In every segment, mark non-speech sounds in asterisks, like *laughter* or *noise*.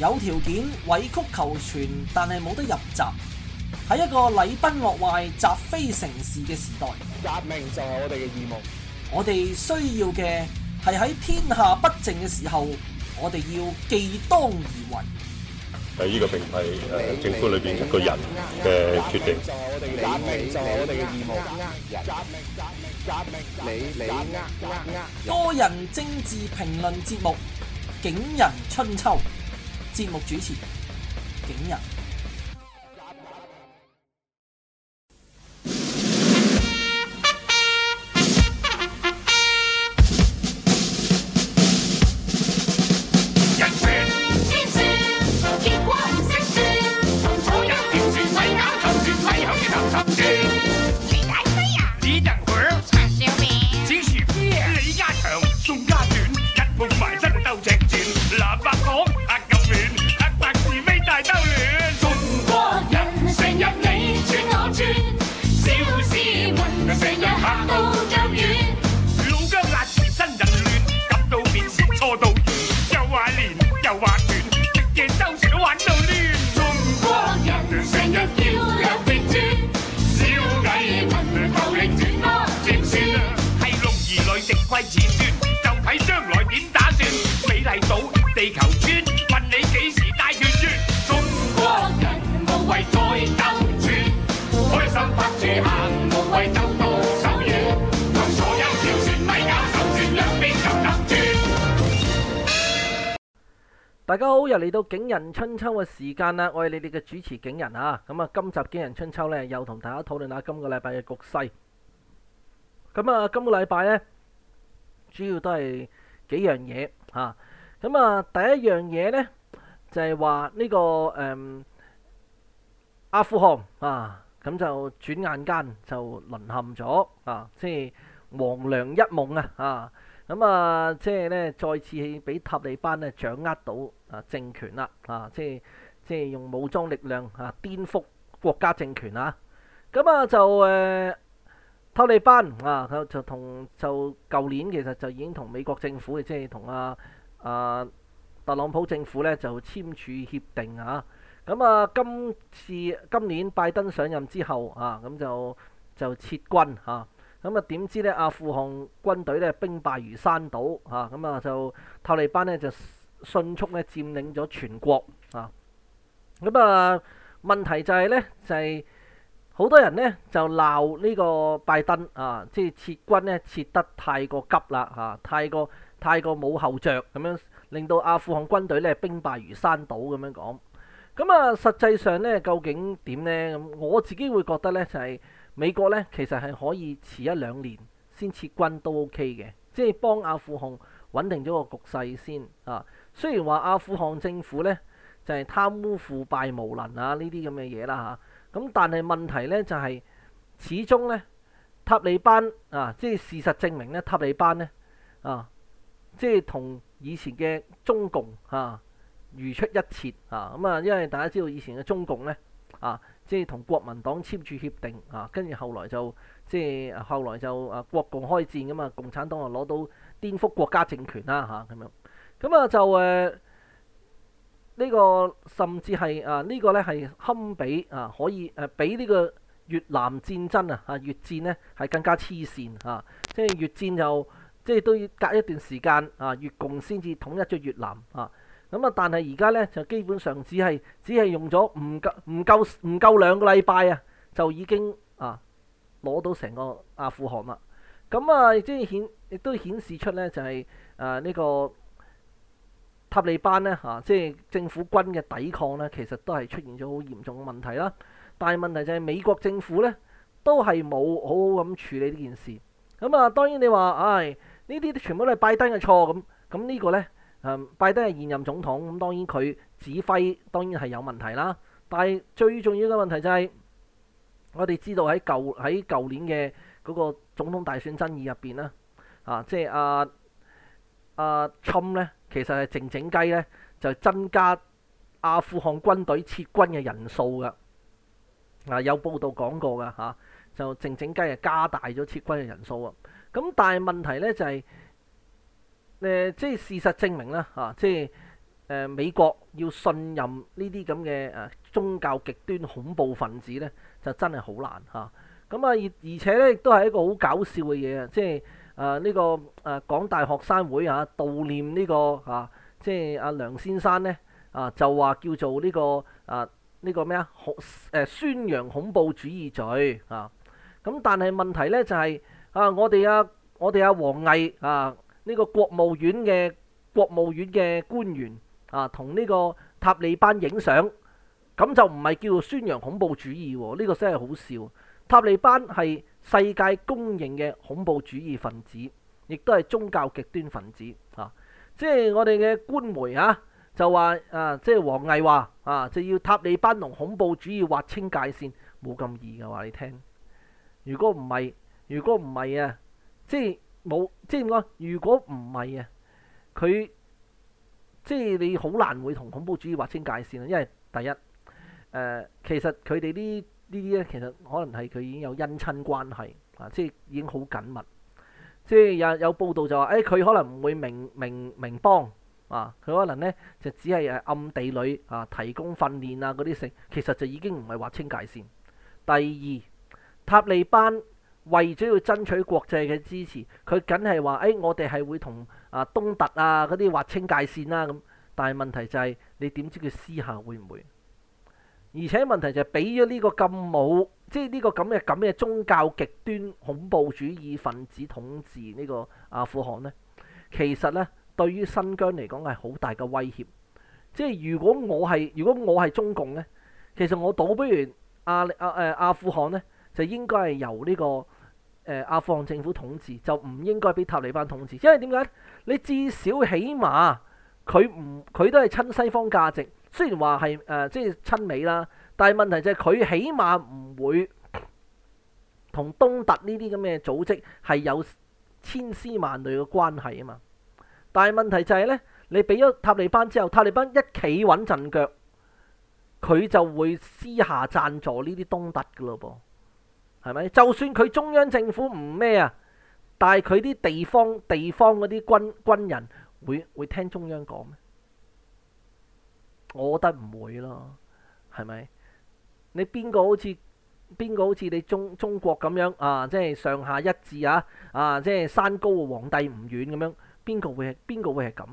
有條件委曲求全，但係冇得入閘。喺一個禮崩樂壞、積非成是嘅時代，革命就係我哋嘅義務。我哋需要嘅係喺天下不正嘅時候，我哋要既當而為。喺呢個並唔係誒政府裏邊一個人嘅決定。就係我哋革命，就係我哋嘅義務。革命，革命，革命，你你。多人政治評論節目《景仁春秋》。節目主持，景仁。大家好，又嚟到《警人春秋景仁春秋》嘅時間啦，我係你哋嘅主持景仁啊，咁啊，今集《景仁春秋》呢又同大家討論下今個禮拜嘅局勢。咁啊，今個禮拜呢主要都係幾樣嘢啊。咁啊，第一樣嘢呢就係話呢個誒阿富汗啊，咁就轉眼間就淪陷咗啊，即係黃粱一夢啊啊！咁啊，即係咧，再次俾塔利班咧掌握到啊政權啦，啊即係即係用武裝力量啊顛覆國家政權啊。咁啊就誒、呃、塔利班啊就同就舊年其實就已經同美國政府即係同啊啊特朗普政府咧就簽署協定啊。咁啊今次今年拜登上任之後啊，咁就就撤軍啊。咁啊？點知咧？阿富汗軍隊咧兵敗如山倒嚇，咁啊就塔利班咧就迅速咧佔領咗全國啊！咁啊問題就係咧就係好多人咧就鬧呢個拜登啊，即係撤軍咧撤得太過急啦嚇、啊，太過太過冇後着。咁樣，令到阿富汗軍隊咧兵敗如山倒咁樣講。咁啊，實際上咧究竟點咧？咁我自己會覺得咧就係。美國咧其實係可以遲一兩年先撤軍都 OK 嘅，即係幫阿富汗穩定咗個局勢先啊。雖然話阿富汗政府咧就係、是、貪污腐敗無能啊呢啲咁嘅嘢啦嚇，咁、啊、但係問題咧就係、是、始終咧塔利班啊，即係事實證明咧塔利班咧啊，即係同以前嘅中共啊如出一轍啊咁啊，因為大家知道以前嘅中共咧啊。即係同國民黨簽住協定啊，跟住後來就即係後來就啊國共開戰咁啊，共產黨啊攞到顛覆國家政權啦。嚇、啊、咁樣，咁啊就誒呢個甚至係啊、呢個、呢個咧係堪比啊可以誒、啊、比呢個越南戰爭啊啊越戰咧係更加黐線啊！即係越戰就，即係都要隔一段時間啊越共先至統一咗越南啊。咁啊！但係而家咧就基本上只係只係用咗唔夠唔夠唔夠兩個禮拜啊，就已經啊攞到成個阿富汗啦。咁啊，即係顯亦都顯示出咧就係誒呢個塔利班咧嚇，即係政府軍嘅抵抗咧，其實都係出現咗好嚴重嘅問題啦。但係問題就係美國政府咧都係冇好好咁處理呢件事。咁啊，當然你話唉，呢啲全部都係拜登嘅錯咁。咁呢個咧？嗯，拜登係現任總統，咁當然佢指揮當然係有問題啦。但係最重要嘅問題就係、是，我哋知道喺舊喺舊年嘅嗰個總統大選爭議入邊啦，啊，即係阿阿侵咧，其實係靜靜雞呢，就增加阿富汗軍隊撤軍嘅人數噶，啊有報道講過噶嚇、啊，就靜靜雞係加大咗撤軍嘅人數啊。咁但係問題呢、就是，就係。誒、呃，即係事實證明啦，嚇、啊，即係誒、呃、美國要信任呢啲咁嘅誒宗教極端恐怖分子咧，就真係好難嚇。咁啊，而而且咧，亦都係一個好搞笑嘅嘢啊，即係誒呢個誒港、啊、大學生會嚇、啊、悼念呢、這個嚇、啊，即係阿梁先生咧啊，就話叫做呢、這個啊呢、這個咩啊恐宣揚恐怖主義罪啊。咁、啊、但係問題咧就係、是、啊，我哋啊我哋阿王毅啊。呢個國務院嘅國務院嘅官員啊，同呢個塔利班影相，咁就唔係叫做宣揚恐怖主義喎，呢個真係好笑。塔利班係世界公認嘅恐怖主義分子，亦都係宗教極端分子啊。即係我哋嘅官媒啊，就話啊，即係王毅話啊，就要塔利班同恐怖主義劃清界線，冇咁易嘅話，你聽。如果唔係，如果唔係啊，即係。冇，即係點講？如果唔係啊，佢即係你好難會同恐怖主義劃清界線啦。因為第一，誒、呃、其實佢哋啲呢啲咧，其實可能係佢已經有姻親關係啊，即係已經好緊密。即係有有報道就話，誒、哎、佢可能唔會明明明幫啊，佢可能咧就只係誒暗地裏啊提供訓練啊嗰啲性，其實就已經唔係劃清界線。第二，塔利班。為咗要爭取國際嘅支持，佢梗係話，誒、哎，我哋係會同啊東突啊嗰啲劃清界線啦、啊、咁。但係問題就係、是，你點知佢私下會唔會？而且問題就係、是，俾咗呢個咁冇，即係呢個咁嘅咁嘅宗教極端恐怖主義分子統治呢個阿富汗呢，其實呢對於新疆嚟講係好大嘅威脅。即係如果我係，如果我係中共呢，其實我倒不如阿阿誒阿富汗呢，就應該係由呢、這個。誒、呃、阿富汗政府統治就唔應該俾塔利班統治，因為點解，你至少起碼佢唔佢都係親西方價值，雖然話係誒即係親美啦，但係問題就係佢起碼唔會同東突呢啲咁嘅組織係有千絲萬縷嘅關係啊嘛。但係問題就係呢，你俾咗塔利班之後，塔利班一企穩陣腳，佢就會私下贊助呢啲東突㗎喇噃。係咪？就算佢中央政府唔咩啊，但係佢啲地方地方嗰啲軍軍人會會聽中央講咩？我覺得唔會咯。係咪？你邊個好似邊個好似你中中國咁樣啊？即係上下一致啊！啊，即係山高皇帝唔遠咁樣，邊個會係邊個會係咁？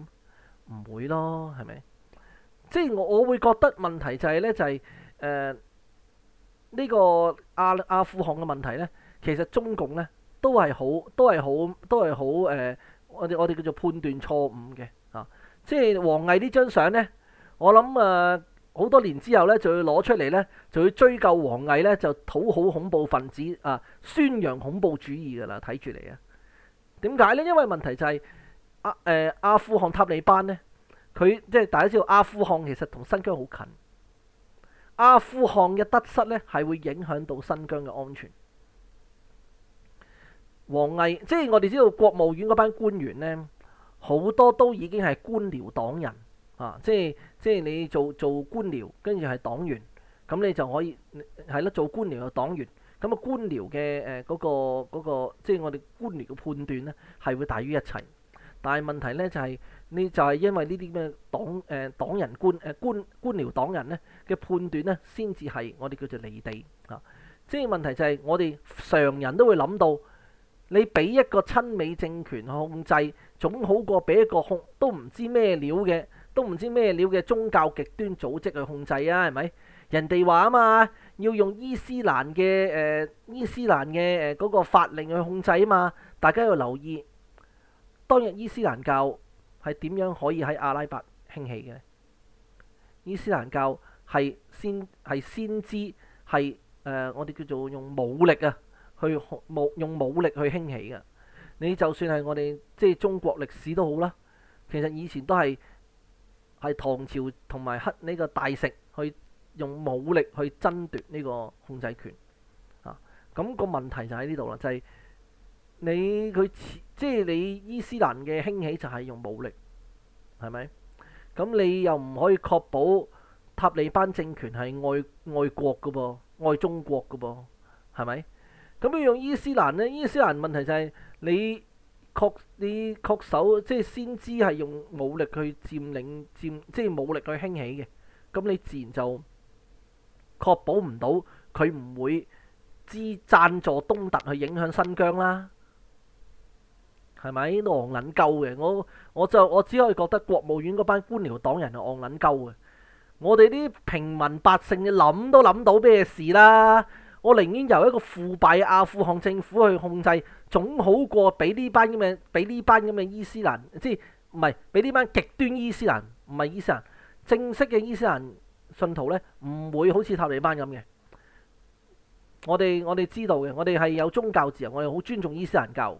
唔會咯，係咪？即係我我會覺得問題就係咧，就係誒。呃呢個阿阿富汗嘅問題呢，其實中共呢都係好，都係好，都係好誒，我哋我哋叫做判斷錯誤嘅啊！即係王毅呢張相呢，我諗啊，呃、好多年之後呢，就會攞出嚟呢，就會追究王毅呢，就討好恐怖分子啊、呃，宣揚恐怖主義㗎啦！睇住嚟啊，點解呢？因為問題就係阿誒阿富汗塔利班呢，佢即係大家知道阿富汗其實同新疆好近。阿富汗嘅得失咧，係會影響到新疆嘅安全。王毅，即係我哋知道，國務院嗰班官員咧，好多都已經係官僚黨人啊！即係即係你做做官僚，跟住係黨員，咁你就可以係啦，做官僚嘅黨員。咁啊，官僚嘅誒嗰個、嗰個嗰個、即係我哋官僚嘅判斷咧，係會大於一切。但係問題咧就係、係。你就係因為呢啲咩黨誒、呃、黨人官誒、呃、官官僚黨人咧嘅判斷咧，先至係我哋叫做離地啊。即係問題就係，我哋常人都會諗到，你俾一個親美政權控制，總好過俾一個控都唔知咩料嘅，都唔知咩料嘅宗教極端組織去控制啊？係咪人哋話啊嘛，要用伊斯蘭嘅誒、呃、伊斯蘭嘅誒嗰個法令去控制啊嘛？大家要留意當日伊斯蘭教。係點樣可以喺阿拉伯興起嘅？伊斯蘭教係先係先知係誒、呃，我哋叫做用武力啊，去武用武力去興起嘅。你就算係我哋即係中國歷史都好啦，其實以前都係係唐朝同埋黑呢個大食去用武力去爭奪呢個控制權啊。咁、那個問題就喺呢度啦，就係、是。你佢，即係你伊斯蘭嘅興起就係用武力，係咪？咁你又唔可以確保塔利班政權係愛愛國嘅噃，愛中國嘅噃，係咪？咁你用伊斯蘭咧，伊斯蘭問題就係你確你確守，即係先知係用武力去佔領佔即係武力去興起嘅。咁你自然就確保唔到佢唔會資贊助東突去影響新疆啦。係咪戇撚鳩嘅？我我就我只可以覺得國務院嗰班官僚黨人係戇撚鳩嘅。我哋啲平民百姓你諗都諗到咩事啦？我寧願由一個腐敗阿富汗政府去控制，總好過俾呢班咁嘅俾呢班咁嘅伊斯蘭，即係唔係俾呢班極端伊斯蘭？唔係伊斯蘭，正式嘅伊斯蘭信徒咧，唔會好似塔利班咁嘅。我哋我哋知道嘅，我哋係有宗教自由，我哋好尊重伊斯蘭教。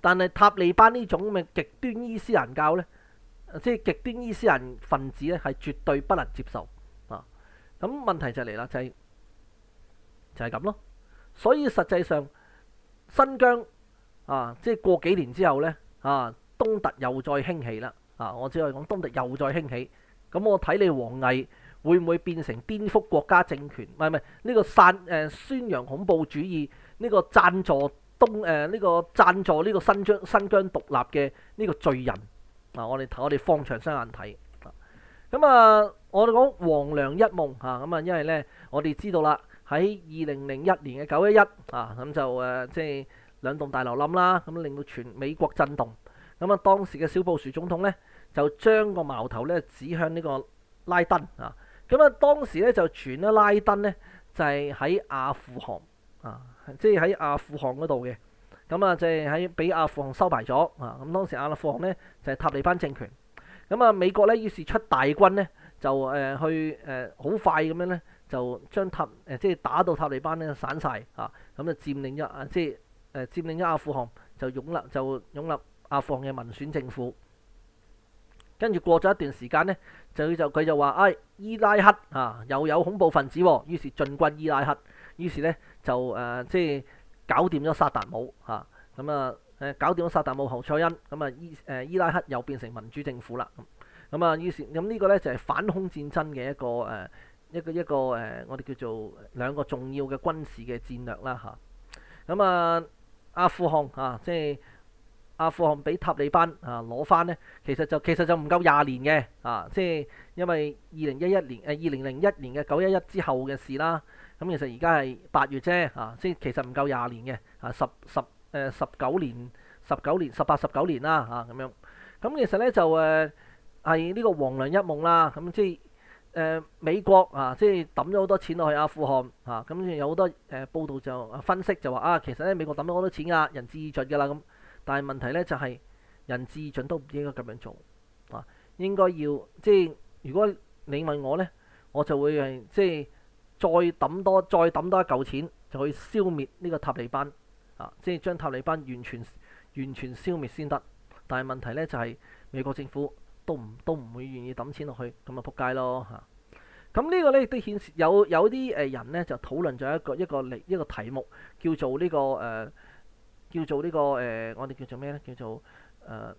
但係塔利班呢種嘅極端伊斯蘭教呢，即係極端伊斯蘭分子呢，係絕對不能接受啊！咁問題就嚟啦，就係就係咁咯。所以實際上新疆啊，即係過幾年之後呢，啊，東突又再興起啦啊！我只可以講東突又再興起，咁我睇你王毅會唔會變成顛覆國家政權？唔係唔係，呢個贊誒、呃、宣揚恐怖主義，呢個贊助。東誒呢、呃這個贊助呢個新疆新疆獨立嘅呢個罪人啊！我哋睇我哋放長雙眼睇啊！咁啊，我哋講黃粱一夢啊！咁啊，因為咧，我哋知道啦，喺二零零一年嘅九一一啊，咁就誒即係兩棟大樓冧啦，咁、啊、令到全美國震動。咁啊，當時嘅小布什總統咧，就將個矛頭咧指向呢個拉登啊！咁啊，當時咧就傳咗拉登咧就係、是、喺阿富汗啊。即係喺阿富汗嗰度嘅，咁啊，即係喺俾阿富汗收埋咗啊。咁當時阿富汗咧就係、是、塔利班政權，咁啊美國咧於是出大軍咧就誒去誒好快咁樣咧就將塔誒即係打到塔利班咧散晒，啊，咁就佔領咗啊，即係誒佔領咗阿富汗就擁立就擁立阿富汗嘅民選政府。跟住過咗一段時間咧，就就佢就話：哎、啊、伊拉克啊又有恐怖分子，於是進軍伊拉克，於是呢於是咧。就誒、啊，即係搞掂咗薩達姆嚇，咁啊誒，搞掂咗薩達姆侯賽恩，咁啊伊誒伊拉克又變成民主政府啦，咁啊於是咁、啊這個、呢個咧就係、是、反恐戰爭嘅一個誒、啊、一個一個誒、啊、我哋叫做兩個重要嘅軍事嘅戰略啦嚇，咁啊，啊阿富汗啊即係阿富汗俾塔利班啊攞翻咧，其實就其實就唔夠廿年嘅啊，即係因為二零一一年誒二零零一年嘅九一一之後嘅事啦。咁其實而家係八月啫，啊，先其實唔夠廿年嘅，啊十十誒、呃、十九年，十九年十八十九年啦，啊咁樣。咁其實咧就誒係呢個黃粱一夢啦。咁即係誒美國啊，即係抌咗好多錢落去阿富汗啊。咁有好多誒報道就分析就話啊，其實咧美國抌咗好多錢㗎，仁至義盡㗎啦咁。但係問題咧就係、是、仁至義盡都唔應該咁樣做啊，應該要即係、就是、如果你問我咧，我就會係即係。就是再抌多再抌多一嚿錢，就可以消滅呢個塔利班啊！即係將塔利班完全完全消滅先得。但係問題呢，就係美國政府都唔都唔會願意抌錢落去，咁啊撲街咯嚇！咁呢個呢，亦都顯示有有啲誒人呢，就討論咗一個一個力一個題目，叫做呢個誒叫做呢個誒我哋叫做咩咧？叫做誒、這個呃呃、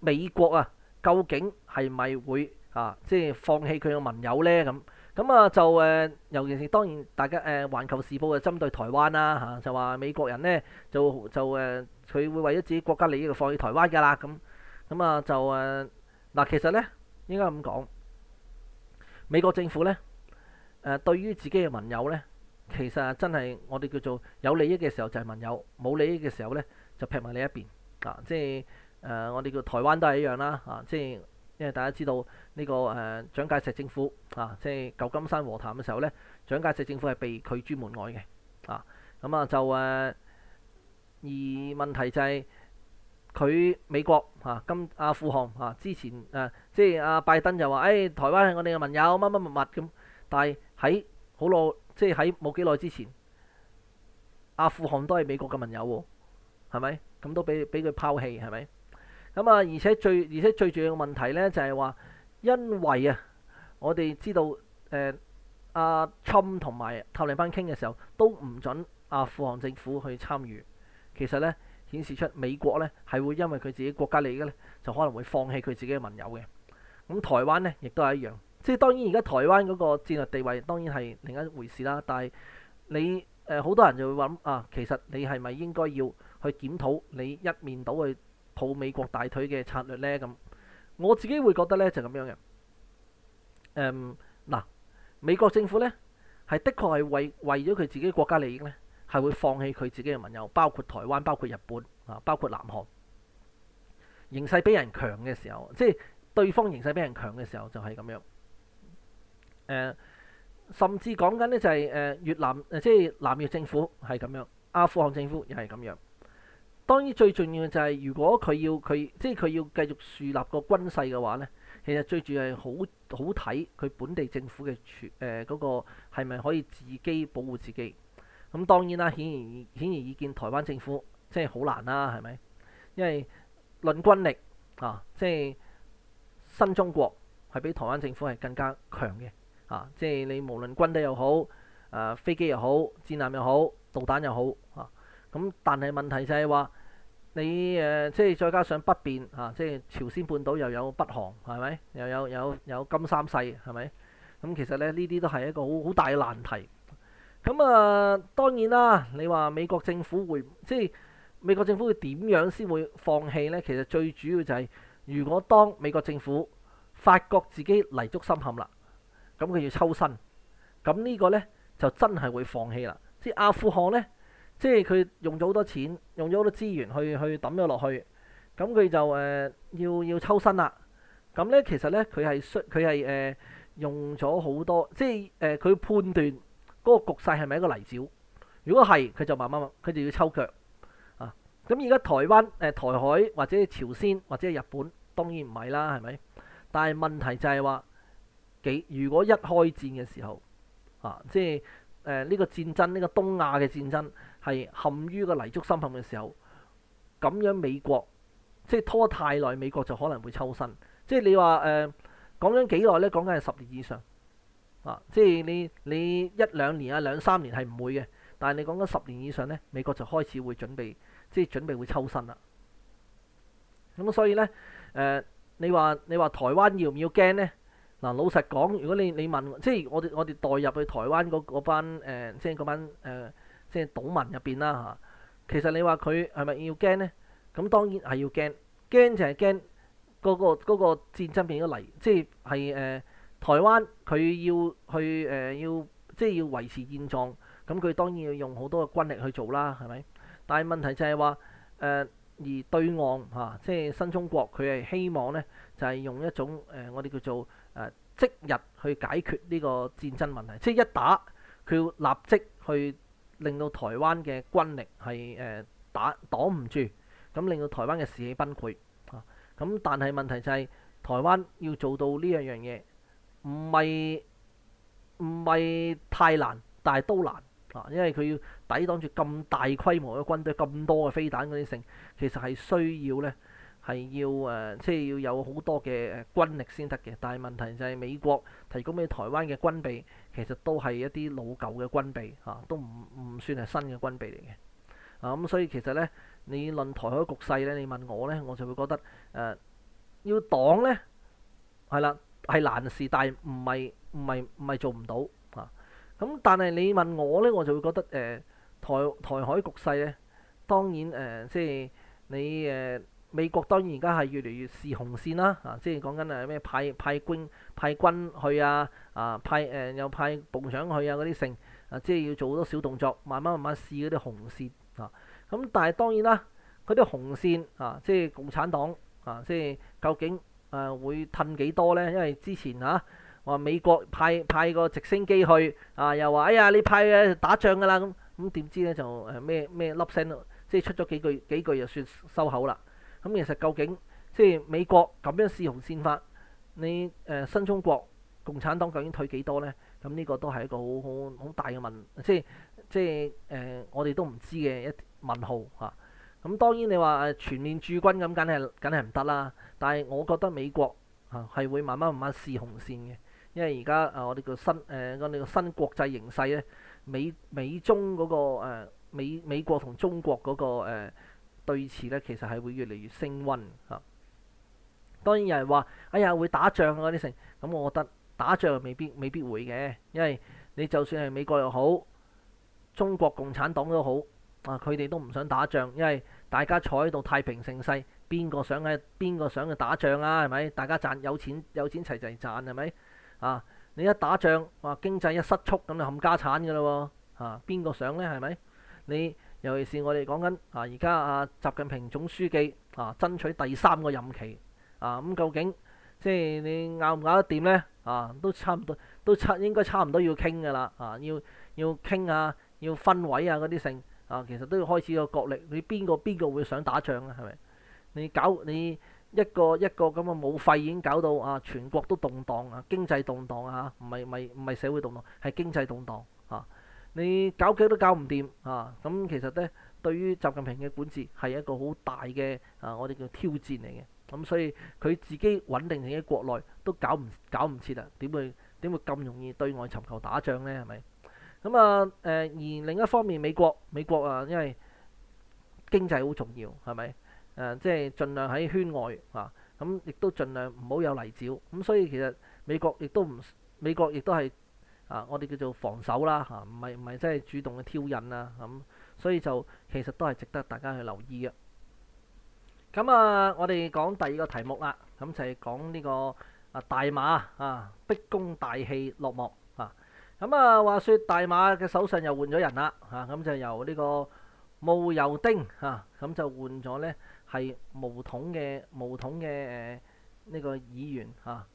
美國啊，究竟係咪會啊即係放棄佢嘅盟友呢？咁？咁啊就誒、呃，尤其是當然大家誒、呃《環球時報》啊針對台灣啦。嚇、啊，就話美國人咧就就誒，佢、呃、會為咗自己國家利益放棄台灣㗎啦。咁咁啊就誒嗱、呃，其實咧應該咁講，美國政府咧誒、呃、對於自己嘅盟友咧，其實真係我哋叫做有利益嘅時候就係盟友，冇利益嘅時候咧就劈埋你一邊啊。即係誒、呃、我哋叫台灣都係一樣啦啊，即係。因為大家知道呢、這個誒、呃、蔣介石政府啊，即係舊金山和談嘅時候呢，蔣介石政府係被拒之門外嘅啊。咁啊就誒、啊，而問題就係、是、佢美國啊，今阿富航阿富汗啊，之前誒、啊、即係、啊、阿拜登就話誒、哎，台灣係我哋嘅盟友，乜乜乜乜。」咁。但係喺好耐，即係喺冇幾耐之前，阿富汗都係美國嘅盟友喎，係咪？咁都俾俾佢拋棄，係咪？咁啊、嗯，而且最而且最重要嘅問題咧，就係話，因為啊，我哋知道誒阿侵同埋塔利班傾嘅時候，都唔准阿、啊、富汗政府去參與，其實咧，顯示出美國咧係會因為佢自己國家利益咧，就可能會放棄佢自己嘅盟友嘅。咁、嗯、台灣咧，亦都係一樣，即係當然而家台灣嗰個戰略地位當然係另一回事啦。但係你誒好、呃、多人就會諗啊，其實你係咪應該要去檢討你一面倒去抱美國大腿嘅策略呢，咁我自己會覺得呢就咁、是、樣嘅。誒、嗯、嗱，美國政府呢，係的確係為為咗佢自己國家利益呢係會放棄佢自己嘅盟友，包括台灣、包括日本啊、包括南韓。形勢比人強嘅時候，即係對方形勢比人強嘅時候，就係咁樣。誒、嗯，甚至講緊呢，就係誒越南即係南越政府係咁樣，阿富汗政府又係咁樣。當然最重要就係，如果佢要佢即係佢要繼續樹立個軍勢嘅話呢，其實最主要係好好睇佢本地政府嘅誒嗰個係咪可以自己保護自己。咁當然啦，顯然顯而易見，台灣政府即係好難啦、啊，係咪？因為論軍力啊，即係新中國係比台灣政府係更加強嘅啊！即係你無論軍隊又好，誒、啊、飛機又好，戰艦又好，導彈又好啊。咁但係問題就係話。你誒、呃、即係再加上北邊啊，即係朝鮮半島又有北韓，係咪？又有有有金三世，係咪？咁、嗯、其實咧呢啲都係一個好好大嘅難題。咁、嗯、啊當然啦，你話美國政府會即係美國政府會點樣先會放棄呢？其實最主要就係、是、如果當美國政府發覺自己泥足深陷啦，咁佢要抽身，咁呢個呢就真係會放棄啦。即係阿富汗呢。即係佢用咗好多錢，用咗好多資源去去抌咗落去，咁佢就誒、呃、要要抽身啦。咁咧其實咧佢係需佢係誒用咗好多，即係誒佢判斷嗰個局勢係咪一個泥沼？如果係，佢就慢慢佢就要抽腳啊。咁而家台灣誒、呃、台海或者朝鮮或者日本當然唔係啦，係咪？但係問題就係話幾如果一開戰嘅時候啊，即係誒呢個戰爭呢、呢個東亞嘅戰爭。係陷於個泥足深陷嘅時候，咁樣美國即係拖太耐，美國就可能會抽身。即係你話誒講緊幾耐咧？講緊係十年以上啊！即係你你一兩年啊，兩三年係唔會嘅，但係你講緊十年以上咧，美國就開始會準備，即係準備會抽身啦。咁所以咧誒、呃，你話你話台灣要唔要驚咧？嗱，老實講，如果你你問，即係我哋我哋代入去台灣嗰班誒，即係嗰班誒。呃即係島民入邊啦嚇，其實你話佢係咪要驚呢？咁當然係要驚，驚就係驚嗰個嗰、嗰個戰爭變咗嚟，即係誒、呃、台灣佢要去誒、呃、要即係要維持現狀，咁佢當然要用好多嘅軍力去做啦，係咪？但係問題就係話誒而對岸嚇、啊，即係新中國佢係希望呢，就係、係、用一種誒、呃、我哋叫做誒、呃、即日去解決呢個戰爭問題，即係一打佢要立即去。令到台灣嘅軍力係誒打擋唔住，咁令到台灣嘅士氣崩潰啊！咁但係問題就係台灣要做到呢一樣嘢，唔係唔係太難，但係都難啊！因為佢要抵擋住咁大規模嘅軍隊、咁多嘅飛彈嗰啲成，其實係需要呢。係要誒，即係要有好多嘅軍力先得嘅。但係問題就係美國提供俾台灣嘅軍備其實都係一啲老舊嘅軍備嚇、啊，都唔唔算係新嘅軍備嚟嘅啊。咁所以其實呢，你論台海局勢呢，你問我呢，我就會覺得誒、呃、要擋呢？係啦，係難事，但係唔係唔係唔係做唔到啊。咁但係你問我呢，我就會覺得誒、呃、台台海局勢呢，當然誒、呃、即係你誒。呃美國當然而家係越嚟越試紅線啦，啊，即係講緊係咩派派官派軍去啊，啊派誒、呃、又派部長去啊嗰啲成，啊，即係要做好多小動作，慢慢慢慢試嗰啲紅線啊。咁但係當然啦，嗰啲紅線啊，即係共產黨啊，即係究竟誒、啊、會褪幾多咧？因為之前嚇話、啊、美國派派個直升機去啊，又話哎呀你派嘅打仗㗎啦，咁咁點知咧就誒咩咩粒聲即係出咗幾句幾句就算收口啦。咁其實究竟即係美國咁樣試紅線法，你誒、呃、新中國共產黨究竟退幾多咧？咁、嗯、呢、這個都係一個好好好大嘅問，即係即係誒、呃、我哋都唔知嘅一問號嚇。咁、啊嗯、當然你話全面駐軍咁，梗係梗係唔得啦。但係我覺得美國嚇係、啊、會慢慢慢慢試紅線嘅，因為而家啊我哋個新誒我哋個新國際形勢咧，美美中嗰、那個、呃、美美國同中國嗰、那個、呃對此咧，其實係會越嚟越升溫嚇、啊。當然有人話：哎呀，會打仗啊啲成。咁我覺得打仗未必未必會嘅，因為你就算係美國又好，中國共產黨都好啊，佢哋都唔想打仗，因為大家坐喺度太平盛世，邊個想啊？邊個想去打仗啊？係咪？大家賺有錢有錢齊齊賺係咪？啊！你一打仗，哇、啊、經濟一失速咁就冚家產㗎啦喎嚇，邊、啊、個想呢？係咪？你？尤其是我哋講緊啊，而家啊，習近平總書記啊爭取第三個任期啊，咁、嗯、究竟即係你咬唔咬得掂咧？啊，都差唔多，都差應該差唔多要傾㗎喇。啊，要要傾啊，要分位啊嗰啲性，啊，其實都要開始個角力，你邊個邊個會想打仗啊？係咪？你搞你一個一個咁嘅冇費已經搞到啊，全國都動盪啊，經濟動盪啊，唔係唔係唔係社會動盪，係經濟動盪啊。你搞幾都搞唔掂啊！咁其實咧，對於習近平嘅管治係一個好大嘅啊，我哋叫挑戰嚟嘅。咁、啊、所以佢自己穩定自己喺國內都搞唔搞唔切啊？點會點會咁容易對外尋求打仗咧？係咪？咁啊誒，而另一方面，美國美國啊，因為經濟好重要係咪？誒、啊，即係盡量喺圈外啊，咁亦都盡量唔好有泥沼。咁、啊、所以其實美國亦都唔美國亦都係。啊，我哋叫做防守啦，嚇、啊，唔係唔係真係主動嘅挑釁啊，咁，所以就其實都係值得大家去留意嘅。咁啊，我哋講第二個題目啦，咁、啊、就係、是、講呢個啊大馬啊，迫宮大戲落幕啊。咁啊，話説大馬嘅首相又換咗人啦，嚇、啊，咁、啊、就由呢個慕尤丁嚇，咁、啊啊、就換咗呢係巫統嘅巫統嘅誒呢個議員嚇。啊。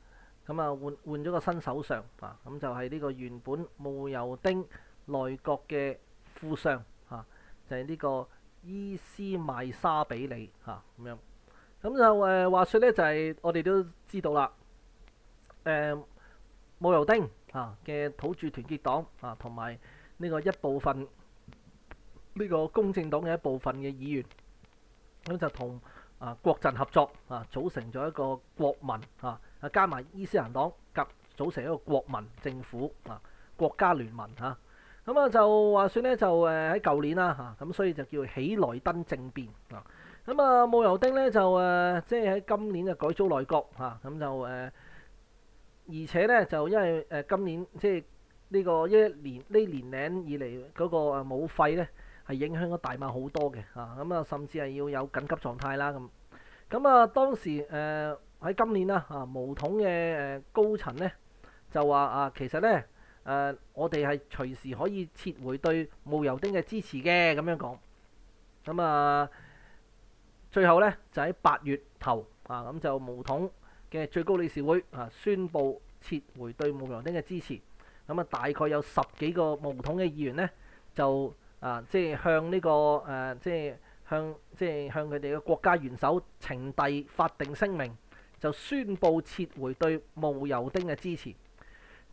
咁啊，換換咗個新首相啊，咁就係呢個原本慕尤丁內閣嘅副相啊，就係、是、呢個伊斯麥沙比利。嚇、啊、咁樣。咁就誒話説咧，就係、是、我哋都知道啦，誒、嗯、慕尤丁嚇嘅、啊、土著團結黨啊，同埋呢個一部分呢、這個公正黨嘅一部分嘅議員，咁、啊、就同啊國陣合作啊，組成咗一個國民啊。啊，加埋伊斯蘭黨及組成一個國民政府啊，國家聯盟啊，咁、嗯、啊就話說咧，就誒喺舊年啦嚇，咁、啊、所以就叫喜來登政變啊，咁啊慕尤丁咧就誒、啊，即係喺今年就改組內閣嚇，咁就誒，而且咧就因為誒今年即係呢個一年，一年個呢年齡以嚟嗰個武肺咧係影響咗大馬好多嘅啊，咁啊甚至係要有緊急狀態啦咁，咁啊，啊，啊當時誒。啊喺今年啊，啊，巫統嘅誒高層咧就話啊，其實咧誒、啊，我哋係隨時可以撤回對慕尤丁嘅支持嘅咁樣講。咁啊，最後咧就喺八月頭啊，咁就巫統嘅最高理事會啊，宣布撤回對慕尤丁嘅支持。咁啊，大概有十幾個巫統嘅議員咧就啊，即係向呢、呢個誒、啊，即係向即係向佢哋嘅國家元首呈遞法定聲明。就宣布撤回對慕尤丁嘅支持。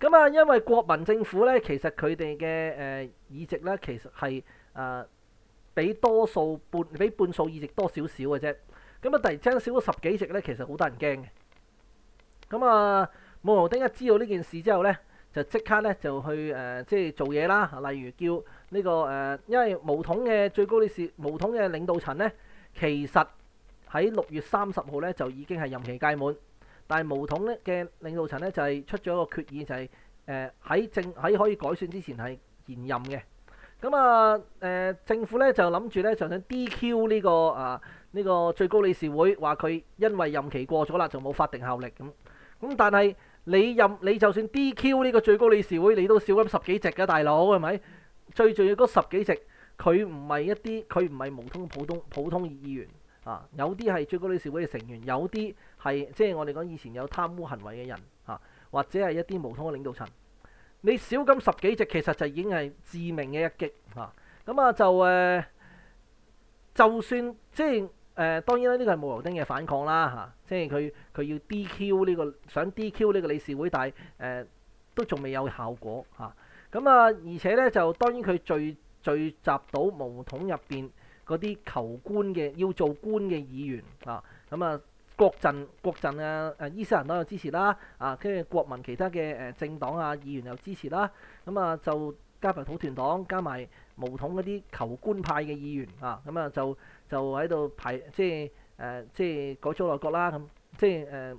咁啊，因為國民政府咧，其實佢哋嘅誒議席咧，其實係誒、呃、比多數半比半數議席多少少嘅啫。咁啊，突然間少咗十幾席咧，其實好得人驚嘅。咁啊，慕尤丁一知道呢件事之後咧，就即刻咧就去誒、呃、即係做嘢啦。例如叫呢、這個誒、呃，因為巫統嘅最高理事巫統嘅領導層咧，其實。喺六月三十號咧就已經係任期屆滿，但係巫統咧嘅領導層咧就係、是、出咗一個決議，就係誒喺政喺可以改選之前係延任嘅。咁啊，誒政府咧就諗住咧就想 DQ 呢、個啊呢、個最高理事會，話佢因為任期過咗啦，就冇法定效力咁。咁但係你任你就算 DQ 呢個最高理事會，你都少咗十幾席嘅、啊、大佬係咪？最重要嗰十幾席佢唔係一啲佢唔係巫統普通普通，普通議員。啊，有啲係最高理事會嘅成員，有啲係即係我哋講以前有貪污行為嘅人，啊，或者係一啲巫統嘅領導層。你少咁十幾隻，其實就已經係致命嘅一擊，嚇、啊。咁啊就誒、呃，就算即係誒、呃，當然啦，呢個係無油丁嘅反抗啦，嚇、啊。即係佢佢要 DQ 呢、呢個想 DQ 呢個理事會，但係誒、呃、都仲未有效果，嚇、啊。咁啊，而且咧就當然佢聚聚集到巫統入邊。嗰啲求官嘅要做官嘅議員啊，咁啊國陣國陣啊，誒、啊、伊斯蘭黨又支持啦，啊，跟住國民其他嘅誒政黨啊議員又支持啦，咁啊就加埋土團黨，加埋巫統嗰啲求官派嘅議員啊，咁啊就就喺度排，即係誒、呃、即係改組內閣啦，咁即係誒、呃、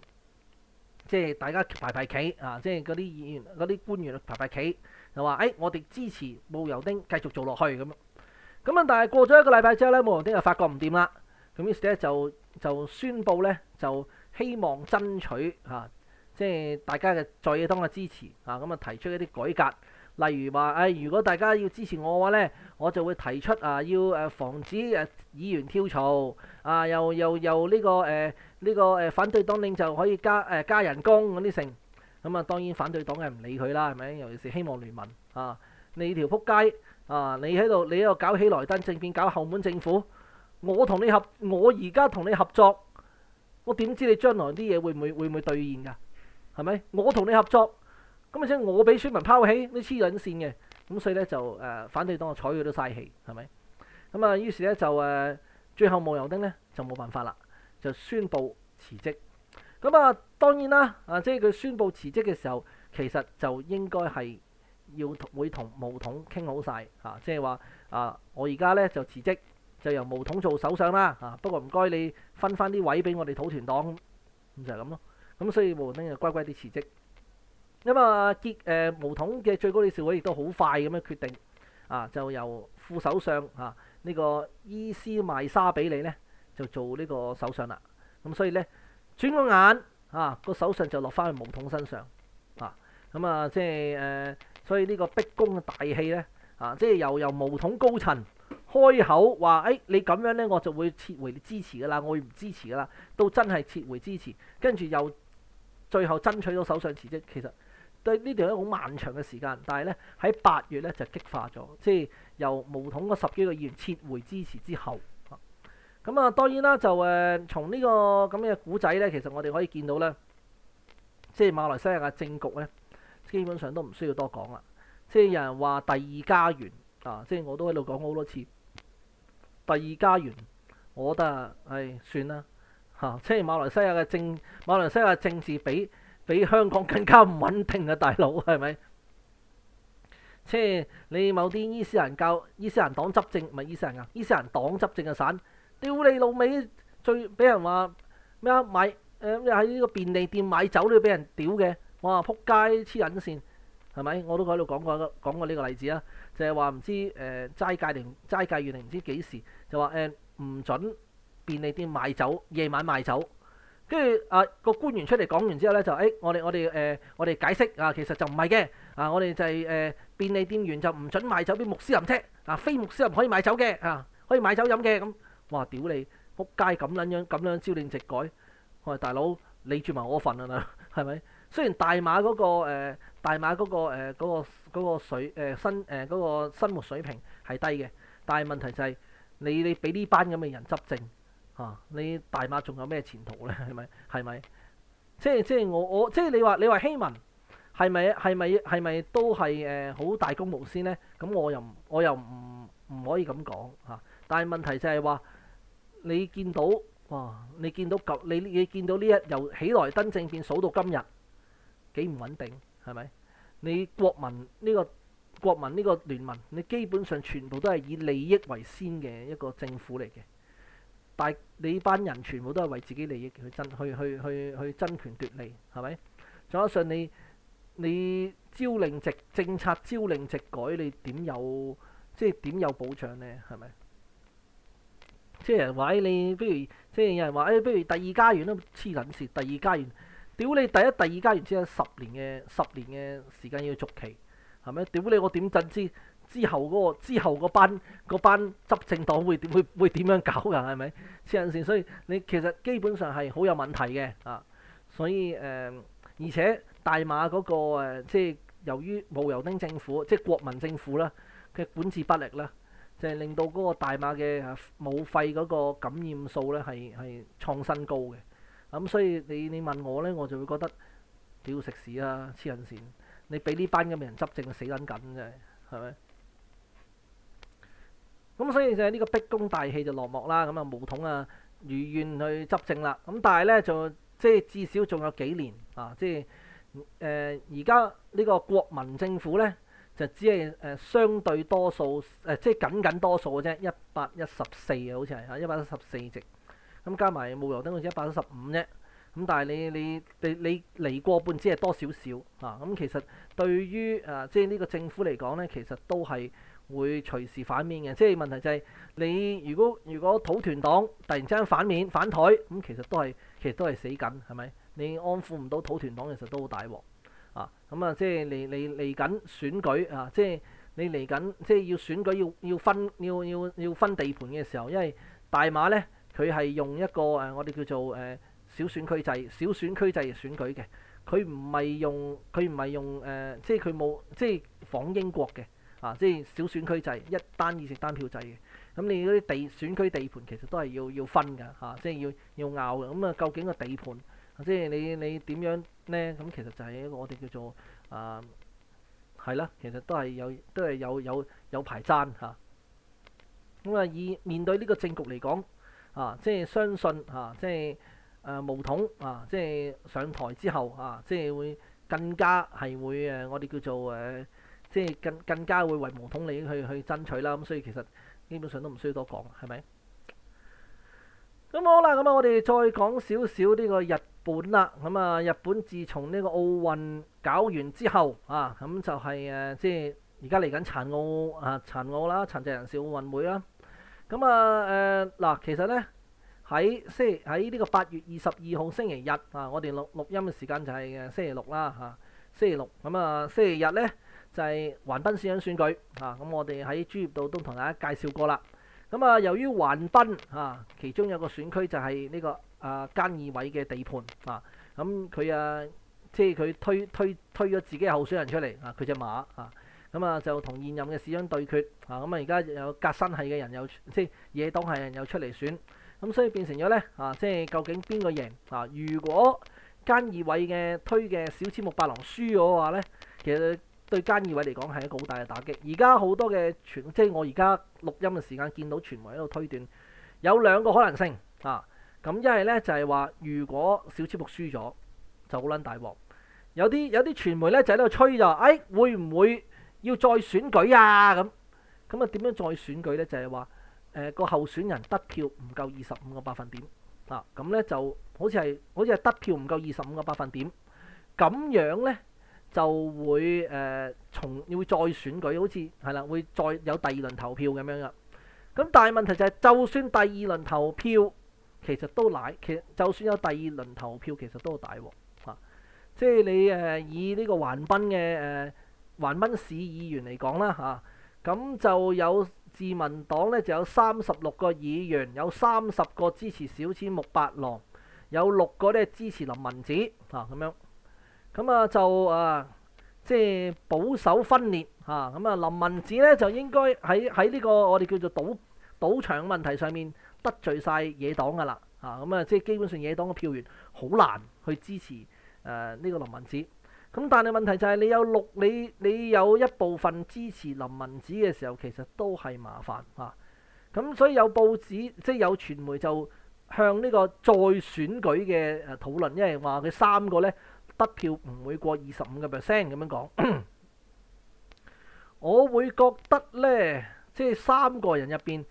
即係大家排排企啊，即係嗰啲議員嗰啲官員排排企，就話誒、哎、我哋支持慕尤丁繼續做落去咁樣。嗯。咁啊、嗯！但係過咗一個禮拜之後咧，慕尤丁又發覺唔掂啦。咁於是咧就就宣佈咧，就希望爭取嚇即係大家嘅在野黨嘅支持啊！咁、嗯、啊，提出一啲改革，例如話誒、哎，如果大家要支持我嘅話咧，我就會提出啊，要誒防止誒議員跳槽啊，又又又呢、這個誒呢、呃這個誒反對黨領袖可以加誒、呃、加人工嗰啲成。咁啊、嗯，當然反對黨嘅唔理佢啦，係咪？尤其是希望聯盟啊，你條撲街！啊！你喺度，你喺度搞起萊登政變，搞後門政府。我同你合，我而家同你合作，我點知你將來啲嘢會唔會會唔會兌現㗎？係咪？我同你合作，咁咪即係我俾選民拋棄呢，黐撚線嘅。咁，所以咧就誒、呃、反對黨我睬佢都嘥氣，係咪？咁啊，於是咧就誒最後慕尤丁咧就冇辦法啦，就宣布辭職。咁啊，當然啦，啊即係佢宣布辭職嘅時候，其實就應該係。要會同毛統傾好晒，啊，即係話啊，我而家咧就辭職，就由毛統做首相啦啊。不過唔該，你分翻啲位俾我哋土團黨咁，就係咁咯。咁、啊、所以毛統就乖乖啲辭職。咁啊，結誒、呃、毛統嘅最高理事會亦都好快咁樣決定啊，就由副首相啊呢、呢個伊斯邁沙比你咧，就做呢個首相啦。咁、啊、所以咧，轉個眼啊，個首相就落翻去毛統身上啊。咁啊，啊，即係誒。呃所以呢個逼宮嘅大戲咧，啊，即係由由巫統高層開口話，誒、哎，你咁樣咧，我就會撤回支持噶啦，我會唔支持噶啦，到真係撤回支持，跟住又最後爭取到首相辭職。其實對呢段一個好漫長嘅時間，但係咧喺八月咧就激化咗，即係由巫統嗰十幾個議員撤回支持之後，咁啊，啊當然啦，就誒從、呃這個、呢個咁嘅故仔咧，其實我哋可以見到咧，即係馬來西亞嘅政局咧。基本上都唔需要多講啦，即係有人話第二家園啊，即係我都喺度講好多次。第二家園，我覺得唉、哎，算啦嚇、啊，即係馬來西亞嘅政馬來西亞政治比比香港更加唔穩定啊！大佬係咪？即係你某啲伊斯蘭教伊斯蘭黨執政唔係伊斯蘭啊，伊斯蘭黨執政嘅省，屌你老味，最俾人話咩啊買誒喺呢個便利店買酒都要俾人屌嘅。我話撲街黐撚線，係咪？我都喺度講過講過呢個例子啊，就係話唔知誒齋戒定齋戒完定唔知幾時就話誒唔準便利店賣酒，夜晚賣酒，跟住啊個官員出嚟講完之後咧就誒，我哋我哋誒我哋解釋啊，其實就唔係嘅啊，我哋就係誒便利店員就唔準賣酒俾穆斯林聽啊，非穆斯林可以買酒嘅啊，可以買酒飲嘅咁。哇！屌你撲街咁撚樣咁樣朝令夕改，我話大佬你住埋我份啊，係咪？雖然大馬嗰、那個、呃、大馬嗰、那個誒嗰、呃那個那個、水誒生誒嗰個生活水平係低嘅，但係問題就係、是、你你俾呢班咁嘅人執政嚇，啊，你大馬仲有咩前途咧？係咪係咪？即係即係我我即係、就是、你話你話希文係咪係咪係咪都係誒好大公無私咧？咁我又我又唔唔可以咁講嚇。但係問題就係話你見到哇，你見到個你、啊、你見到呢一由喜來登政變數到今日。幾唔穩定，係咪？你國民呢個國民呢個聯盟，你基本上全部都係以利益為先嘅一個政府嚟嘅。但係你班人全部都係為自己利益去爭，去去去去爭權奪利，係咪？再加上你你朝令夕政策朝令夕改，你點有即係點有保障呢？係咪？即係人話你，不如即係有人話誒，不如第二家園都黐撚線，第二家園。屌你第一、第二階段十年嘅十年嘅時間要續期，係咪？屌、嗯、你我點準知之後嗰、那個之後嗰班嗰班執政黨會會會點樣搞嘅？係咪？黐撚線，所以你其實基本上係好有問題嘅啊！所以誒、嗯，而且大馬嗰、那個、呃、即係由於慕尤丁政府，即係國民政府啦嘅管治不力啦，就係令到嗰個大馬嘅武肺嗰個感染數咧係係創新高嘅。咁、嗯、所以你你問我咧，我就會覺得屌食屎啦，黐撚線！你俾呢、啊、班咁嘅人執政死，死撚緊啫，係咪？咁所以就係呢個逼宮大戲就落幕啦。咁啊，巫統啊，如願去執政啦。咁但係咧，就即係至少仲有幾年啊！即係誒，而家呢個國民政府咧，就只係誒、呃、相對多數誒、呃，即係僅僅多數嘅啫，一百一十四啊，好似係啊，一百一十四席。咁加埋冇油燈好似一百一十五啫，咁但係你你你你離過半只係多少少啊？咁其實對於誒、啊、即係呢個政府嚟講咧，其實都係會隨時反面嘅。即係問題就係、是、你如果如果土團黨突然之間反面反台，咁、嗯、其實都係其實都係死緊係咪？你安撫唔到土團黨，其實都好大鑊啊！咁啊，即係你你嚟緊選舉啊，即係你嚟緊即係要選舉要要分要要要分地盤嘅時候，因為大馬咧。佢係用一個誒，我哋叫做誒、呃、小選區制、小選區制嘅選舉嘅。佢唔係用，佢唔係用誒、呃，即係佢冇，即係仿英國嘅啊，即係小選區制、一單議席單票制嘅。咁你嗰啲地選區地盤其實都係要要分㗎嚇、啊，即係要要拗嘅。咁啊，究竟個地盤即係你你點樣呢？咁其實就係一個我哋叫做啊，係、呃、啦，其實都係有都係有有有，有排爭嚇。咁啊，以面對呢個政局嚟講。啊，即係相信啊，即係誒、呃、巫統啊，即係上台之後啊，即係會更加係會誒，我哋叫做誒、啊，即係更更加會為巫統利益去去爭取啦。咁、嗯、所以其實基本上都唔需要多講，係咪？咁好啦，咁、嗯、啊，我哋再講少少呢個日本啦。咁、嗯、啊，日本自從呢個奧運搞完之後啊，咁、嗯、就係、是、誒、啊，即係而家嚟緊殘奧啊，殘奧啦，殘疾人士奧運會啦。咁啊，誒、呃、嗱，其實咧喺星喺呢個八月二十二號星期日啊，我哋錄錄音嘅時間就係星期六啦嚇，星期六咁啊，星期、啊、日咧就係橫濱選舉啊，咁我哋喺專業度都同大家介紹過啦。咁啊，由於橫濱啊，其中有一個選區就係呢、這個啊菅義偉嘅地盤啊，咁佢啊，即係佢推推推咗自己嘅候選人出嚟啊，佢隻馬啊，咁啊、嗯，就同現任嘅市長對決啊！咁、嗯、啊，而家有革新係嘅人又，又即係野黨係人又出嚟選，咁、嗯、所以變成咗咧啊！即係究竟邊個贏啊？如果菅義偉嘅推嘅小此木八郎輸咗嘅話咧，其實對菅義偉嚟講係一個好大嘅打擊。而家好多嘅傳，即係我而家錄音嘅時間見到傳媒喺度推斷，有兩個可能性啊！咁一係咧就係話，如果小此木輸咗，就好撚大鑊。有啲有啲傳媒咧就喺度吹就，哎，會唔會？要再選舉啊，咁，咁啊，點樣再選舉呢？就係話誒個候選人得票唔夠二十五個百分點啊，咁咧就好似係好似係得票唔夠二十五個百分點，咁、啊、樣呢，就，樣呢就會誒、呃、從要再選舉，好似係啦，會再有第二輪投票咁樣噶。咁、啊、但係問題就係、是，就算第二輪投票其實都乃，其實就算有第二輪投票其實都好大喎嚇，即係你誒、呃、以呢個環賓嘅誒。呃橫濱市議員嚟講啦嚇，咁、啊、就有自民黨咧，就有三十六個議員，有三十個支持小此木八郎，有六個咧支持林文子，嚇咁、啊、樣。咁啊就啊，即係、啊就是、保守分裂嚇。咁啊，啊林文子咧就應該喺喺呢個我哋叫做賭賭場問題上面得罪晒野黨㗎喇嚇。咁啊，啊即係基本上野黨嘅票源好難去支持誒呢、啊這個林文子。咁但係問題就係你有六，你你有一部分支持林文子嘅時候，其實都係麻煩嚇。咁、啊、所以有報紙即係有傳媒就向呢個再選舉嘅誒討論，因為話佢三個咧得票唔會過二十五個 percent 咁樣講。 *coughs* 我會覺得咧，即係三個人入邊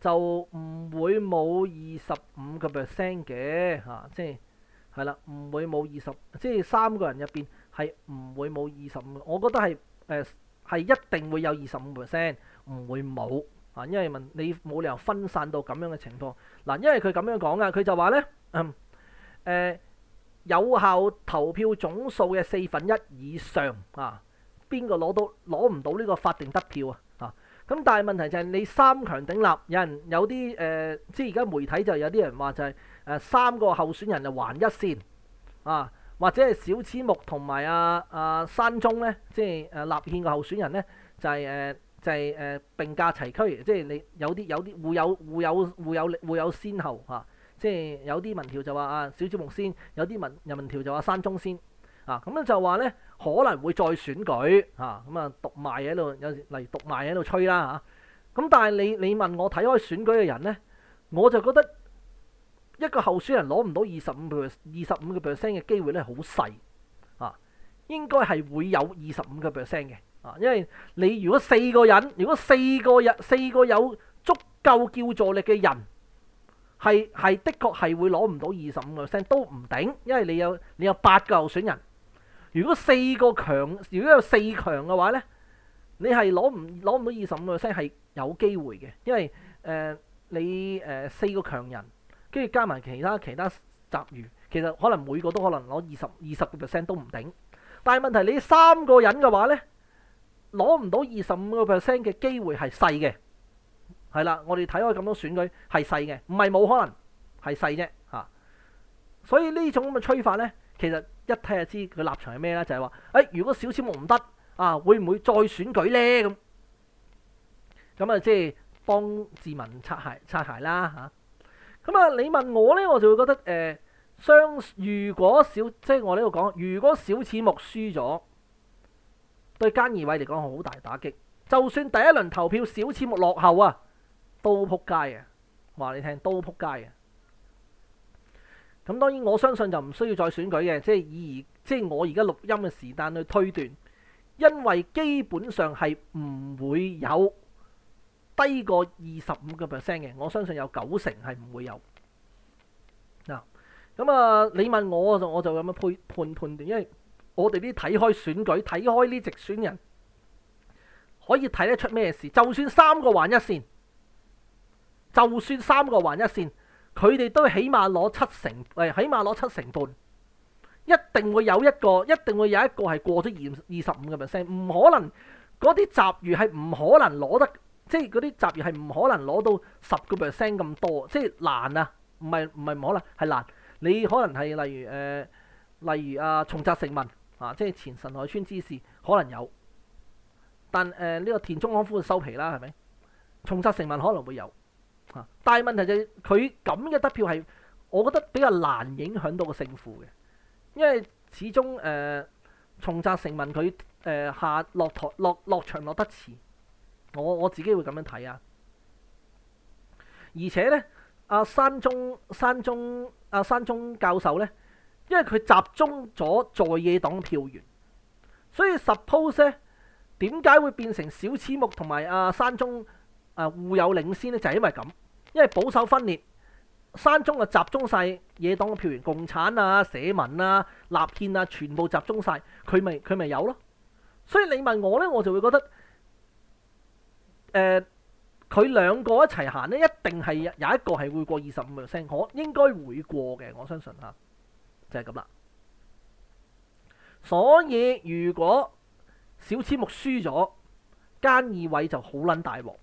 就唔會冇二十五個 percent 嘅嚇，即係係啦，唔會冇二十，即係三個人入邊。係唔會冇二十五，我覺得係誒係一定會有二十五 percent，唔會冇啊，因為問你冇理由分散到咁樣嘅情況嗱，因為佢咁樣講啊，佢就話咧誒有效投票總數嘅四分一以上啊，邊個攞到攞唔到呢個法定得票啊啊？咁但係問題就係你三強鼎立，有人有啲誒、呃，即係而家媒體就有啲人話就係、是、誒、呃、三個候選人就橫一線啊。或者係小黐木同埋阿阿山中咧，即係誒立憲嘅候選人咧，就係、是、誒、呃、就係、是、誒、呃、並駕齊驅，即係你有啲有啲互有互有互有互有先後嚇、啊，即係有啲民調就話啊小黐木先，有啲民人民調就話山中先啊，咁咧就話咧可能會再選舉嚇，咁啊讀賣喺度有嚟讀賣喺度吹啦嚇，咁、啊、但係你你問我睇開選舉嘅人咧，我就覺得。一個候選人攞唔到二十五個二十五個 percent 嘅機會咧，好細啊！應該係會有二十五個 percent 嘅啊，因為你如果四個人，如果四個人四個有足夠叫座力嘅人，係係的確係會攞唔到二十五個 percent 都唔定，因為你有你有八個候選人。如果四個強，如果有四強嘅話咧，你係攞唔攞唔到二十五個 percent 係有機會嘅，因為誒、呃、你誒、呃、四個強人。跟住加埋其他其他雜魚，其實可能每個都可能攞二十二十個 percent 都唔頂。但係問題你三個人嘅話咧，攞唔到二十五個 percent 嘅機會係細嘅。係啦，我哋睇開咁多選舉係細嘅，唔係冇可能係細啫嚇。所以這種這呢種咁嘅吹法咧，其實一睇就知佢立場係咩咧，就係、是、話，誒，如果小選舉唔得啊，會唔會再選舉咧？咁咁啊，即係幫志文擦鞋擦鞋啦嚇。咁啊、嗯，你問我呢，我就會覺得誒，相、呃、如果小，即係我呢度講，如果小此木輸咗，對菅義偉嚟講好大打擊。就算第一輪投票小此木落後啊，都撲街啊，話你聽都撲街啊。咁當然我相信就唔需要再選舉嘅，即係以而即係我而家錄音嘅時間去推斷，因為基本上係唔會有。低過二十五個 percent 嘅，我相信有九成係唔會有嗱。咁啊，啊，你問我，我就我就咁樣判判斷，因為我哋啲睇開選舉，睇開呢直選人可以睇得出咩事。就算三個環一線，就算三個環一線，佢哋都起碼攞七成誒、哎，起碼攞七成半，一定會有一個，一定會有一個係過咗二二十五個 percent。唔可能嗰啲雜魚係唔可能攞得。即係嗰啲集業係唔可能攞到十個 percent 咁多，即係難啊！唔係唔係唔可能，係難。你可能係例如誒、呃，例如阿、啊、松澤成文啊，即係前神奈川知事可能有，但誒呢、呃這個田中康夫嘅收皮啦，係咪？松澤成文可能會有嚇、啊，但係問題就佢咁嘅得票係，我覺得比較難影響到個勝負嘅，因為始終誒松、呃、澤成文佢誒、呃、下落台落落場落，落得遲。我我自己會咁樣睇啊，而且咧，阿、啊、山中山中阿、啊、山中教授咧，因為佢集中咗在野黨票源，所以 suppose 咧點解會變成小此木同埋阿山中啊互有領先咧，就係、是、因為咁，因為保守分裂，山中啊集中晒野黨嘅票源，共產啊、社民啊、立憲啊，全部集中晒。佢咪佢咪有咯，所以你問我咧，我就會覺得。誒，佢兩、呃、個一齊行咧，一定係有一個係會過二十五 percent，我應該會過嘅，我相信嚇，就係咁啦。所以如果小千木輸咗，菅義偉就好撚大鑊，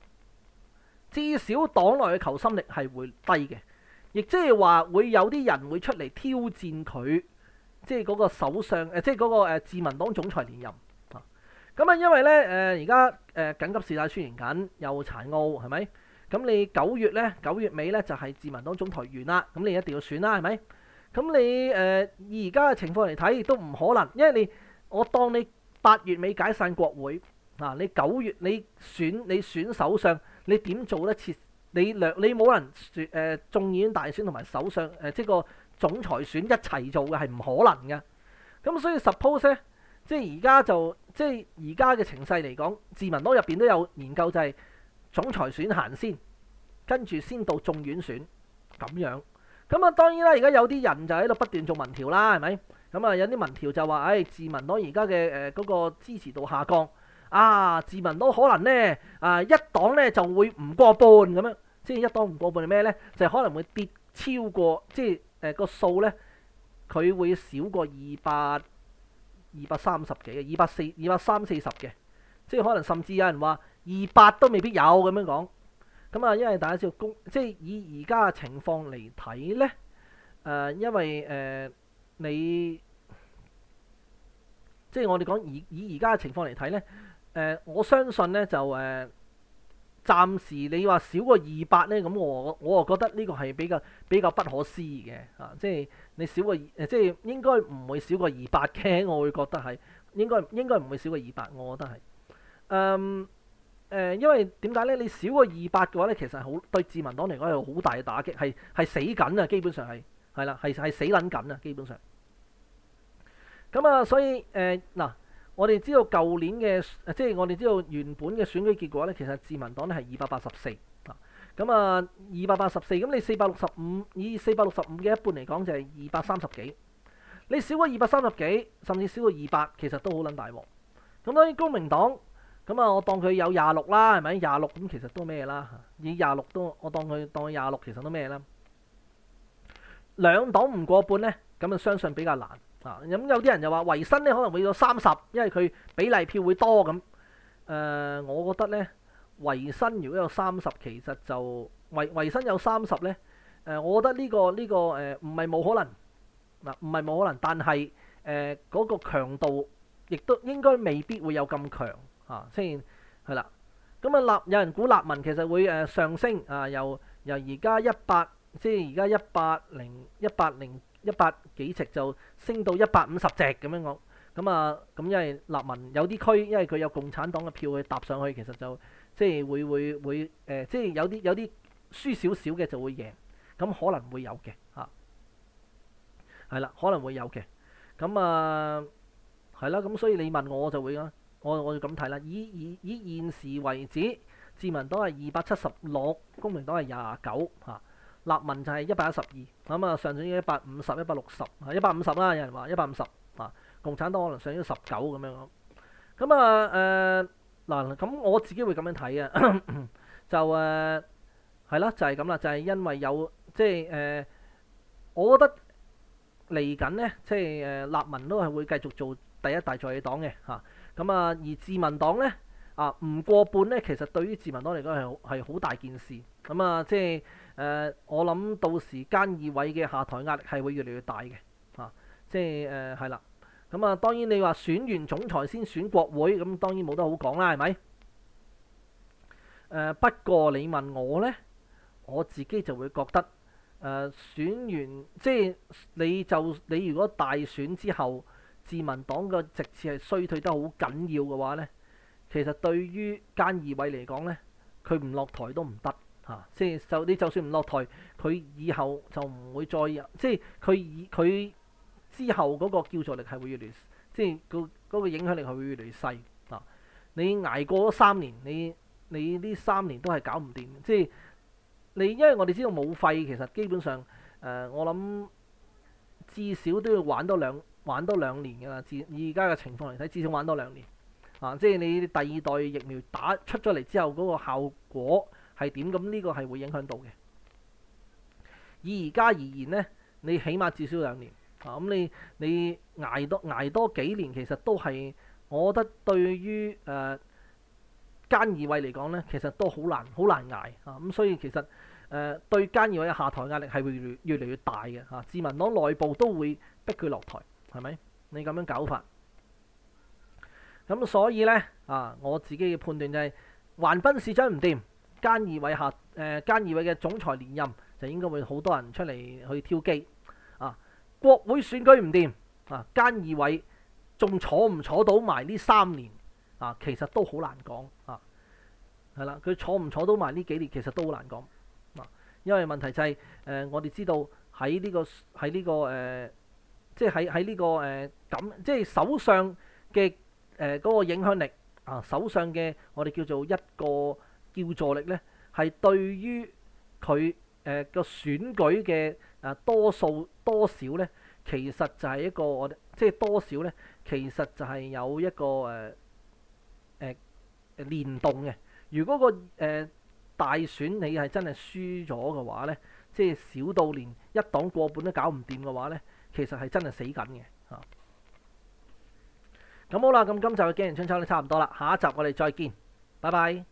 至少黨內嘅求心力係會低嘅，亦即係話會有啲人會出嚟挑戰佢，即係嗰個首相誒、呃，即係嗰、那個、呃、自民黨總裁連任。咁啊，因為咧，誒而家誒緊急事態宣言緊，又殘奧係咪？咁你九月咧，九月尾咧就係自民黨總裁選啦。咁你一定要選啦，係咪？咁你誒而家嘅情況嚟睇，亦都唔可能，因為你我當你八月尾解散國會，嗱、啊、你九月你選你選首相，你點做得切？你兩你冇人誒、呃、眾議院大選同埋首相誒即個總裁選一齊做嘅係唔可能嘅。咁所以 suppose 咧。即係而家就，即係而家嘅情勢嚟講，自民黨入邊都有研究就係總裁選行先，跟住先到眾院選咁樣。咁啊，當然啦，而家有啲人就喺度不斷做民調啦，係咪？咁啊，有啲民調就話，唉，自民黨而家嘅誒嗰個支持度下降，啊，自民黨可能呢啊、呃、一黨呢就會唔過半咁樣，即係一黨唔過半係咩呢？就可能會跌超過，即係誒、呃嗰個數呢，佢會少過二百。二百三十幾嘅，二百四、二百三四十嘅，即係可能甚至有人話二百都未必有咁樣講。咁啊，因為大家知道供，即係以而家嘅情況嚟睇咧，誒、呃，因為誒、呃、你即係我哋講以以而家嘅情況嚟睇咧，誒、呃，我相信咧就誒、呃，暫時你話少過二百咧，咁我我啊覺得呢個係比較比較不可思議嘅啊，即係。你少過，誒，即係應該唔會少過二百嘅，我會覺得係應該，應該唔會少過二百，我覺得係，嗯，誒、呃，因為點解咧？你少過二百嘅話咧，其實好對自民黨嚟講有好大嘅打擊，係係死緊啊，基本上係，係啦，係係死撚緊啊，基本上。咁、嗯、啊，所以誒嗱、呃，我哋知道舊年嘅，即係我哋知道原本嘅選舉結果咧，其實自民黨咧係二百八十四。咁啊，二百八十四，咁你四百六十五，以四百六十五嘅一半嚟講，就係二百三十幾。你少過二百三十幾，甚至少過二百，其實都好撚大鑊。咁當然，公民黨，咁啊，我當佢有廿六啦，係咪？廿六咁其實都咩啦？以廿六都，我當佢當佢廿六其實都咩啦？兩黨唔過半呢，咁啊相信比較難啊。咁有啲人就話維新呢可能會有三十，因為佢比例票會多咁。誒、呃，我覺得呢。維新如果有三十，其實就維維新有三十咧。誒、呃，我覺得呢、這個呢、這個誒唔係冇可能嗱，唔係冇可能，但係誒嗰個強度亦都應該未必會有咁強嚇先係啦。咁啊、嗯、立有人估立民其實會誒、呃、上升啊，由由而家一百即係而家一百零一百零一百幾席就升到一百五十隻咁樣講咁啊，咁因為立民有啲區，因為佢有共產黨嘅票去搭上去，其實就。即係會會會誒、呃，即係有啲有啲輸少少嘅就會贏，咁可能會有嘅嚇，係啦，可能會有嘅。咁啊，係啦，咁、嗯、所以你問我就會啦，我我就咁睇啦。以以以現時為止，自民黨係二百七十六，公明黨係廿九嚇，立民就係一百一十二。咁啊，上漲咗一百五十，一百六十啊，一百五十啦，有人話一百五十啊，共產黨可能上咗十九咁樣。咁啊誒。呃嗱咁我自己會咁樣睇 *coughs* 啊。就誒係啦，就係咁啦，就係、是、因為有即係誒、呃，我覺得嚟緊咧，即係誒、呃，立民都係會繼續做第一大在野黨嘅嚇。咁啊，而自民黨咧啊唔過半咧，其實對於自民黨嚟講係係好大件事。咁啊，即係誒、呃，我諗到時菅義偉嘅下台壓力係會越嚟越大嘅嚇、啊。即係誒，係、呃、啦。咁啊、嗯，當然你話選完總裁先選國會，咁、嗯、當然冇得好講啦，係咪？誒、呃、不過你問我呢，我自己就會覺得誒、呃、選完即係你就你如果大選之後自民黨嘅席次係衰退得好緊要嘅話呢，其實對於菅義偉嚟講呢，佢唔落台都唔得嚇，即係就你就算唔落台，佢以後就唔會再入，即係佢以佢。之後嗰個叫助力係會越嚟越，即係個嗰個影響力係會越嚟越細啊！你捱過咗三年，你你呢三年都係搞唔掂，即係你因為我哋知道武肺，其實基本上誒、呃，我諗至少都要玩多兩玩多兩年㗎啦。自而家嘅情況嚟睇，至少玩多兩年啊！即係你第二代疫苗打出咗嚟之後，嗰、嗰個效果係點？咁呢個係會影響到嘅。以而家而言呢，你起碼至少兩年。啊，咁你你捱多捱多幾年，其實都係，我覺得對於誒菅義偉嚟講咧，其實都好難好難捱啊！咁所以其實誒、呃、對菅義偉嘅下台壓力係會越嚟越大嘅嚇、啊，自民黨內部都會逼佢落台，係咪？你咁樣搞法，咁所以咧啊，我自己嘅判斷就係、是、橫濱市長唔掂，菅義偉下誒菅義偉嘅總裁連任就應該會好多人出嚟去挑機。國會選舉唔掂啊，菅義偉仲坐唔坐到埋呢三年啊，其實都好難講啊。係啦，佢坐唔坐到埋呢幾年，其實都好難講。啊，因為問題就係、是、誒、呃，我哋知道喺呢、這個喺呢、這個誒、呃，即係喺喺呢個誒咁、呃，即係首相嘅誒嗰個影響力啊，首相嘅我哋叫做一個叫助力咧，係對於佢誒個選舉嘅。啊，多數多少咧，其實就係一個我即係多少咧，其實就係有一個誒誒誒連動嘅。如果、嗰個誒、呃、大選你係真係輸咗嘅話咧，即係少到連一檔過半都搞唔掂嘅話咧，其實係真係死緊嘅。嚇、啊，咁好啦，咁今集嘅景仁春秋咧差唔多啦，下一集我哋再見，拜拜。